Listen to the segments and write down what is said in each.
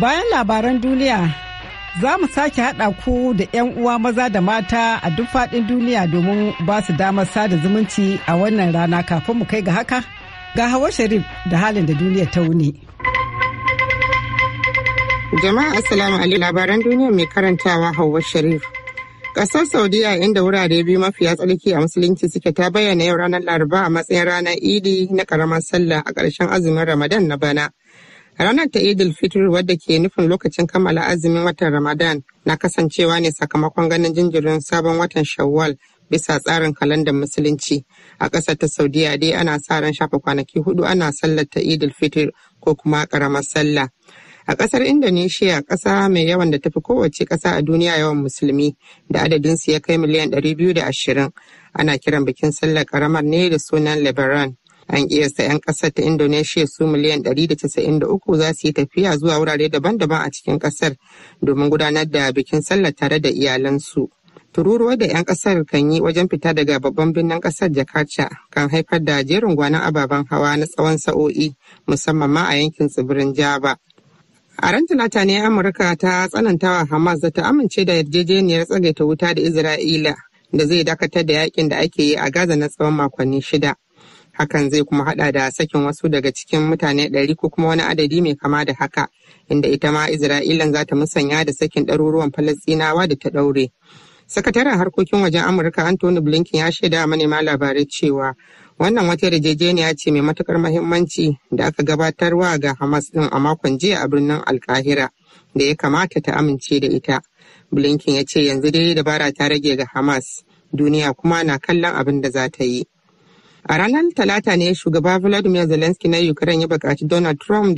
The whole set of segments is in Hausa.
Bayan labaran duniya, za mu sake haɗa ku da 'yan uwa maza da mata a duk faɗin duniya domin ba su damar sada zumunci a wannan rana kafin mu kai ga haka. Ga Hawa Sharif da halin da duniya ta wuni. Jama'a Assalamu alaikum labaran duniya mai karantawa Hauwa Sharif. ƙasar Saudiya inda wurare biyu mafiya tsarki a musulunci suke ta bayyana yau ranar Laraba a matsayin ranar Idi na karamar sallah a ƙarshen azumin Ramadan na bana. Ranar ta Idil Fitr wadda ke nufin lokacin kammala azumin watan Ramadan na kasancewa ne sakamakon ganin jinjirin sabon watan Shawwal bisa tsarin kalandar musulunci. A ƙasar ta Saudiya dai ana sa ran shafa kwanaki hudu ana sallar ta Idil Fitr ko kuma ƙaramar sallah. A ƙasar Indonesia ƙasa mai yawan da tafi kowace ƙasa a duniya yawan musulmi da adadin su ya kai miliyan ashirin, ana kiran bikin sallar ƙaramar ne da sunan Lebaran. an kiyasta 'yan kasar ta indonesia su miliyan 193 za su yi tafiya zuwa wurare daban-daban a cikin kasar domin gudanar da bikin sallah tare da iyalansu tururuwar da 'yan kasar kan yi wajen fita daga babban birnin kasar jakarta kan haifar da jerin gwanon ababen hawa na tsawon sa'o'i musamman ma a yankin tsibirin jaba. A ran Talata ne Amurka ta tsanantawa Hamas da ta amince da yarjejeniyar tsagaita wuta da Isra'ila da zai dakatar da yakin da ake yi a Gaza na tsawon makonni shida. hakan zai kuma hada da sakin wasu daga cikin mutane ɗari ko kuma wani adadi mai kama da haka inda ita ma Isra'ila za ta musanya da sakin ɗaruruwan falastinawa da ta ɗaure sakataren harkokin wajen amurka anthony blinken ya shaida manema labarai cewa wannan wata yarjejeniya ce mai matukar mahimmanci da aka gabatarwa ga hamas ɗin a makon jiya a birnin alkahira da ya kamata ta amince da ita blinken ya ce yanzu dai dabara ta rage ga hamas duniya kuma na kallon abin da za ta yi A ranar Talata ne shugaba Vladimir Zelensky na Ukraine ya buƙaci Donald Trump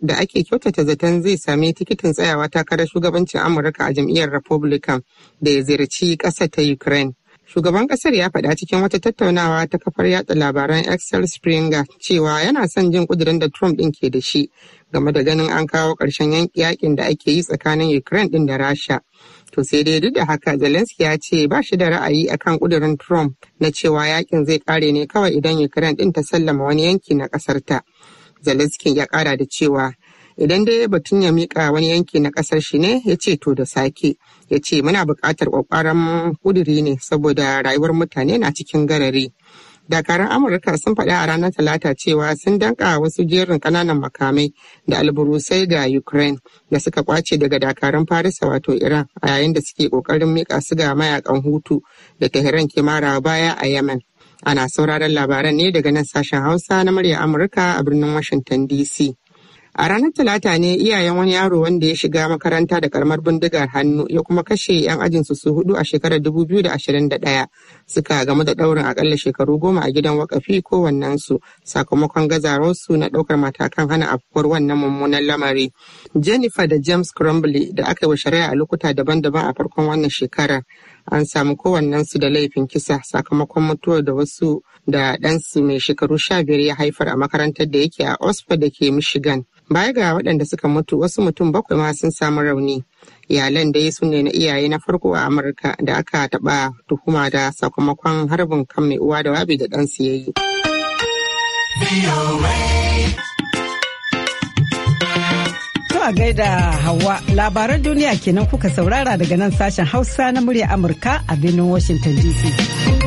da ake kyautata zaton zai sami tikitin tsayawa takarar shugabancin Amurka a jam'iyyar Republican da ya ziyarci ƙasa ta Ukraine. shugaban kasar ya faɗa cikin wata tattaunawa ta kafar yatsa labaran excel springer cewa yana son jin kudirin da trump ɗin ke da shi game da ganin an kawo ƙarshen yakin da ake yi tsakanin ukraine ɗin da rasha to sai dai duk da haka zelensky ya ce ba shi da ra'ayi akan kudirin trump na cewa yakin zai kare ne kawai idan ukraine ɗin ta sallama wani yanki na ƙasarta zelensky ya ƙara da cewa idan dai batun ya mika wani yanki na kasar shi ne ya ce to da sake ya ce muna buƙatar ƙwaƙwaran ƙuduri ne saboda rayuwar mutane na cikin garari dakarun amurka sun faɗi a ranar talata cewa sun danka wasu jerin ƙananan makamai da alburusai da ukraine da suka kwace daga dakarun farisa wato iran a yayin da suke ƙoƙarin mika su ga mayakan hutu da tehran kimara baya a yemen ana sauraron labaran ne daga nan sashen hausa na murya amurka a birnin washington dc A ranar Talata ne iyayen wani yaro wanda ya shiga makaranta da karamar bindigar hannu ya kuma kashe 'yan ajinsu su hudu a shekarar 2021 suka game da daurin akalla shekaru goma a gidan wakafi ko su sakamakon gazawarsu na daukar matakan hana afkuwar wannan mummunan lamari. Jennifer da James Crumbly da aka yi shari'a a lokuta daban-daban a farkon wannan shekarar. an samu kowannensu da laifin kisa sakamakon mutuwar da wasu da ɗansu mai shekaru sha biyar ya haifar a makarantar da yake a oxford da ke michigan baya ga waɗanda suka mutu wasu mutum bakwai ma sun samu rauni iyalan dai su ne na iyaye na farko a amurka da aka taɓa tuhuma da sakamakon harbin kan mai uwa da wabi da ɗansu ya yi. a gaida Hawa labaran duniya kenan kuka saurara daga nan sashen Hausa na murya Amurka a birnin Washington DC.